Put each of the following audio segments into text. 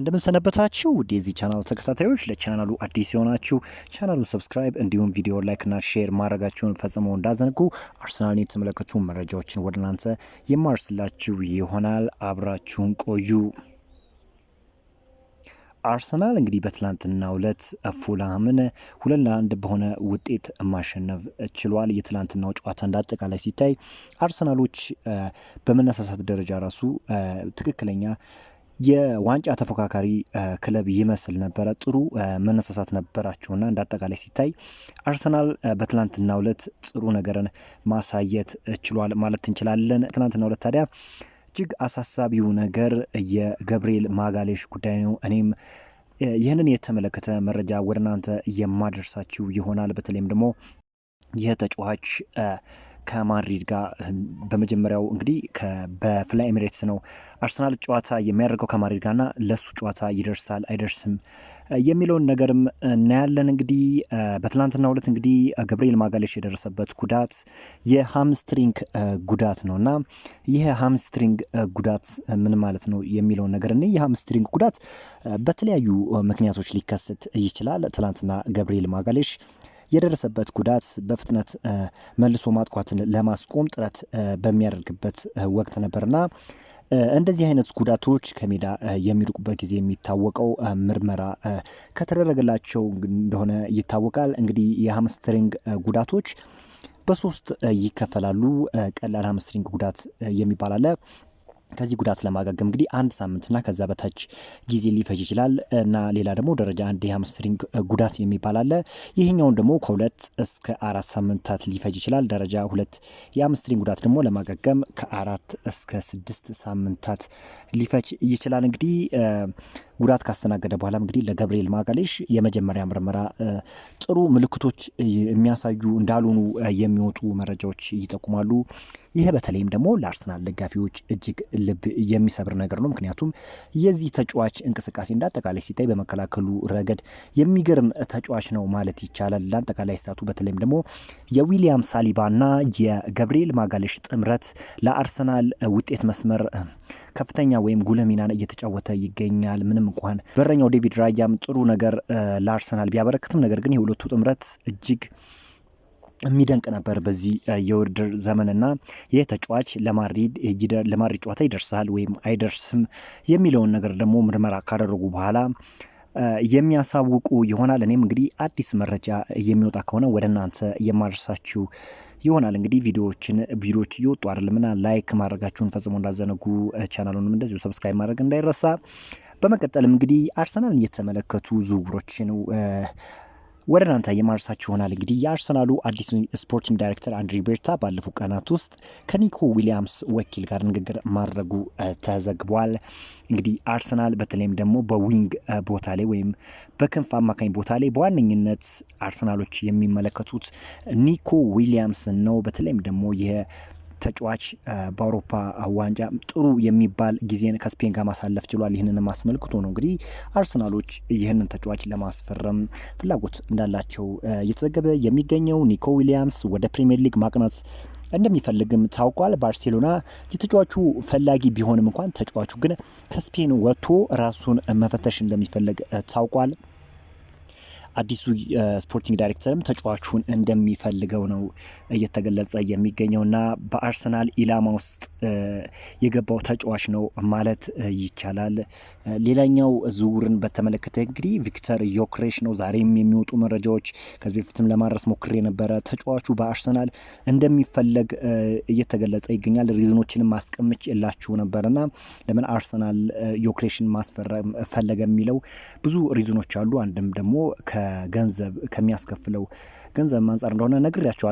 እንደምንሰነበታችሁ የዚህ ቻናል ተከታታዮች፣ ለቻናሉ አዲስ የሆናችሁ ቻናሉን ሰብስክራይብ እንዲሁም ቪዲዮ ላይክና ሼር ማድረጋችሁን ፈጽሞ እንዳዘንጉ። አርሰናልን የተመለከቱ መረጃዎችን ወደ እናንተ የማርስላችሁ ይሆናል። አብራችሁን ቆዩ። አርሰናል እንግዲህ በትላንትናው ዕለት ፉላምን ሁለት ለአንድ በሆነ ውጤት ማሸነፍ ችሏል። የትላንትናው ጨዋታ እንዳጠቃላይ ሲታይ አርሰናሎች በመነሳሳት ደረጃ ራሱ ትክክለኛ የዋንጫ ተፎካካሪ ክለብ ይመስል ነበረ። ጥሩ መነሳሳት ነበራቸውና እንደ አጠቃላይ ሲታይ አርሰናል በትናንትናው ዕለት ጥሩ ነገርን ማሳየት ችሏል ማለት እንችላለን። ትናንትናው ዕለት ታዲያ እጅግ አሳሳቢው ነገር የገብርኤል ማጋሌሽ ጉዳይ ነው። እኔም ይህንን የተመለከተ መረጃ ወደ እናንተ የማደርሳችሁ ይሆናል። በተለይም ደግሞ ይህ ተጫዋች ከማድሪድ ጋር በመጀመሪያው እንግዲህ በፍላይ ኤሚሬትስ ነው አርሰናል ጨዋታ የሚያደርገው ከማድሪድ ና ለሱ ጨዋታ ይደርሳል አይደርስም የሚለውን ነገርም እናያለን። እንግዲህ በትናንትና ሁለት እንግዲህ ገብርኤል ማጋሌሽ የደረሰበት ጉዳት የሃምስትሪንግ ጉዳት ነው እና ይህ ሃምስትሪንግ ጉዳት ምን ማለት ነው የሚለውን ነገር እኔ የሃምስትሪንግ ጉዳት በተለያዩ ምክንያቶች ሊከሰት ይችላል። ትላንትና ገብርኤል ማጋሌሽ የደረሰበት ጉዳት በፍጥነት መልሶ ማጥቋትን ለማስቆም ጥረት በሚያደርግበት ወቅት ነበርና እንደዚህ አይነት ጉዳቶች ከሜዳ የሚርቁበት ጊዜ የሚታወቀው ምርመራ ከተደረገላቸው እንደሆነ ይታወቃል። እንግዲህ የሀምስትሪንግ ጉዳቶች በሶስት ይከፈላሉ። ቀላል ሀምስትሪንግ ጉዳት የሚባል አለ። ከዚህ ጉዳት ለማገገም እንግዲህ አንድ ሳምንትና ከዛ በታች ጊዜ ሊፈጅ ይችላል እና ሌላ ደግሞ ደረጃ አንድ የሃምስትሪንግ ጉዳት የሚባል አለ። ይህኛውን ደግሞ ከሁለት እስከ አራት ሳምንታት ሊፈጅ ይችላል። ደረጃ ሁለት የሃምስትሪንግ ጉዳት ደግሞ ለማገገም ከአራት እስከ ስድስት ሳምንታት ሊፈጅ ይችላል። እንግዲህ ጉዳት ካስተናገደ በኋላ እንግዲህ ለገብርኤል ማጋሌሽ የመጀመሪያ ምርመራ ጥሩ ምልክቶች የሚያሳዩ እንዳልሆኑ የሚወጡ መረጃዎች ይጠቁማሉ። ይህ በተለይም ደግሞ ለአርሰናል ደጋፊዎች እጅግ ልብ የሚሰብር ነገር ነው። ምክንያቱም የዚህ ተጫዋች እንቅስቃሴ እንዳጠቃላይ ሲታይ በመከላከሉ ረገድ የሚገርም ተጫዋች ነው ማለት ይቻላል። ለአጠቃላይ ስታቱ በተለይም ደግሞ የዊሊያም ሳሊባና የገብርኤል ማጋሌሽ ጥምረት ለአርሰናል ውጤት መስመር ከፍተኛ ወይም ጉልህ ሚናን እየተጫወተ ይገኛል። ምንም እንኳን በረኛው ዴቪድ ራያም ጥሩ ነገር ለአርሰናል ቢያበረክትም ነገር ግን የሁለቱ ጥምረት እጅግ የሚደንቅ ነበር በዚህ የውድድር ዘመንና ይህ ተጫዋች ለማድሪድ ጨዋታ ይደርሳል ወይም አይደርስም የሚለውን ነገር ደግሞ ምርመራ ካደረጉ በኋላ የሚያሳውቁ ይሆናል። እኔም እንግዲህ አዲስ መረጃ የሚወጣ ከሆነ ወደ እናንተ የማደርሳችሁ ይሆናል። እንግዲህ ቪዲዮዎችን ቪዲዮዎች እየወጡ አይደለምና ላይክ ማድረጋችሁን ፈጽሞ እንዳዘነጉ፣ ቻናሉንም እንደዚሁ ሰብስክራይብ ማድረግ እንዳይረሳ። በመቀጠልም እንግዲህ አርሰናል እየተመለከቱ ዝውውሮችን ወደ እናንተ የማርሳችሁ ይሆናል። እንግዲህ የአርሰናሉ አዲሱ ስፖርቲንግ ዳይሬክተር አንድሪ ቤርታ ባለፉት ቀናት ውስጥ ከኒኮ ዊሊያምስ ወኪል ጋር ንግግር ማድረጉ ተዘግቧል። እንግዲህ አርሰናል በተለይም ደግሞ በዊንግ ቦታ ላይ ወይም በክንፍ አማካኝ ቦታ ላይ በዋነኝነት አርሰናሎች የሚመለከቱት ኒኮ ዊሊያምስን ነው። በተለይም ደግሞ ተጫዋች በአውሮፓ ዋንጫ ጥሩ የሚባል ጊዜን ከስፔን ጋር ማሳለፍ ችሏል። ይህንን አስመልክቶ ነው እንግዲህ አርሰናሎች ይህንን ተጫዋች ለማስፈረም ፍላጎት እንዳላቸው እየተዘገበ የሚገኘው። ኒኮ ዊሊያምስ ወደ ፕሪምየር ሊግ ማቅናት እንደሚፈልግም ታውቋል። ባርሴሎና የተጫዋቹ ፈላጊ ቢሆንም እንኳን ተጫዋቹ ግን ከስፔን ወጥቶ ራሱን መፈተሽ እንደሚፈልግ ታውቋል። አዲሱ ስፖርቲንግ ዳይሬክተርም ተጫዋቹን እንደሚፈልገው ነው እየተገለጸ የሚገኘውና በአርሰናል ኢላማ ውስጥ የገባው ተጫዋች ነው ማለት ይቻላል። ሌላኛው ዝውውርን በተመለከተ እንግዲህ ቪክተር ዮክሬሽ ነው። ዛሬም የሚወጡ መረጃዎች ከዚህ በፊትም ለማድረስ ሞክሬ ነበረ። ተጫዋቹ በአርሰናል እንደሚፈለግ እየተገለጸ ይገኛል። ሪዝኖችንም ማስቀምጭ የላችሁ ነበርና ለምን አርሰናል ዮክሬሽን ማስፈረም ፈለገ የሚለው ብዙ ሪዝኖች አሉ። አንድም ደግሞ ከ ከገንዘብ ከሚያስከፍለው ገንዘብ አንጻር እንደሆነ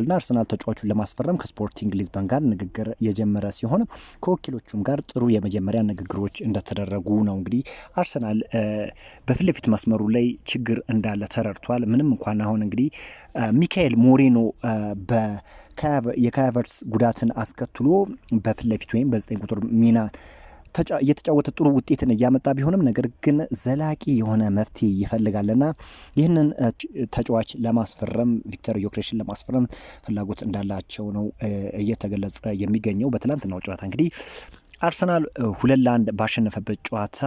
ና አርሰናል ተጫዋቹን ለማስፈረም ከስፖርቲንግ ሊዝበን ጋር ንግግር የጀመረ ሲሆን ከወኪሎቹም ጋር ጥሩ የመጀመሪያ ንግግሮች እንደተደረጉ ነው። እንግዲህ አርሰናል በፊት ለፊት መስመሩ ላይ ችግር እንዳለ ተረድቷል። ምንም እንኳን አሁን እንግዲህ ሚካኤል ሞሬኖ የካቨርስ ጉዳትን አስከትሎ በፊት ለፊት ወይም በዘጠኝ ቁጥር ሚና እየተጫወተ ጥሩ ውጤትን እያመጣ ቢሆንም ነገር ግን ዘላቂ የሆነ መፍትሄ ይፈልጋልና ይህንን ተጫዋች ለማስፈረም ቪክተር ዮክሬሽን ለማስፈረም ፍላጎት እንዳላቸው ነው እየተገለጸ የሚገኘው። በትላንትናው ጨዋታ እንግዲህ አርሰናል ሁለት ለአንድ ባሸነፈበት ጨዋታ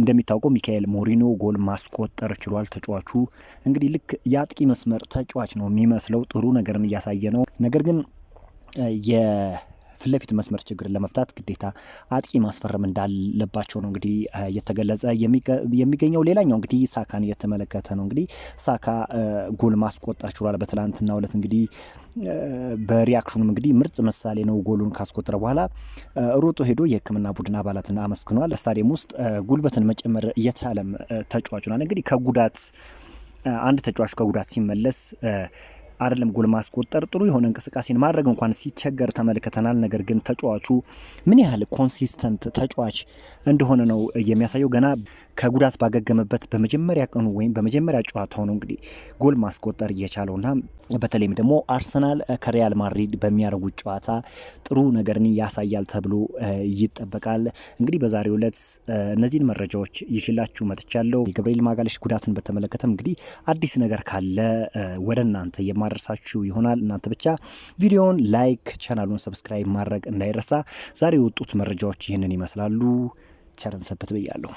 እንደሚታወቀው ሚካኤል ሞሪኖ ጎል ማስቆጠር ችሏል። ተጫዋቹ እንግዲህ ልክ የአጥቂ መስመር ተጫዋች ነው የሚመስለው፣ ጥሩ ነገርን እያሳየ ነው። ነገር ግን ፊትለፊት መስመር ችግርን ለመፍታት ግዴታ አጥቂ ማስፈረም እንዳለባቸው ነው እንግዲህ እየተገለጸ የሚገኘው። ሌላኛው እንግዲህ ሳካን እየተመለከተ ነው። እንግዲህ ሳካ ጎል ማስቆጠር ችሏል። በትላንትናው ዕለት እንግዲህ በሪያክሽኑም እንግዲህ ምርጥ ምሳሌ ነው። ጎሉን ካስቆጠረ በኋላ ሮጦ ሄዶ የሕክምና ቡድን አባላትን አመስግኗል። ስታዲየም ውስጥ ጉልበትን መጨመር እየቻለም ተጫዋች ሆኗል። እንግዲህ ከጉዳት አንድ ተጫዋች ከጉዳት ሲመለስ አይደለም ጎል ማስቆጠር ጥሩ የሆነ እንቅስቃሴን ማድረግ እንኳን ሲቸገር ተመልክተናል። ነገር ግን ተጫዋቹ ምን ያህል ኮንሲስተንት ተጫዋች እንደሆነ ነው የሚያሳየው። ገና ከጉዳት ባገገመበት በመጀመሪያ ቀኑ ወይም በመጀመሪያ ጨዋታው ነው እንግዲህ ጎል ማስቆጠር እየቻለውና በተለይም ደግሞ አርሰናል ከሪያል ማድሪድ በሚያደርጉት ጨዋታ ጥሩ ነገርን ያሳያል ተብሎ ይጠበቃል። እንግዲህ በዛሬ ዕለት እነዚህን መረጃዎች ይዤላችሁ መጥቻለሁ። የገብርኤል ማጋለሽ ጉዳትን በተመለከተም እንግዲህ አዲስ ነገር ካለ ወደ እናንተ የማደርሳችሁ ይሆናል። እናንተ ብቻ ቪዲዮን ላይክ፣ ቻናሉን ሰብስክራይብ ማድረግ እንዳይረሳ። ዛሬ የወጡት መረጃዎች ይህንን ይመስላሉ። ቸረን ሰንብት ብያለሁ።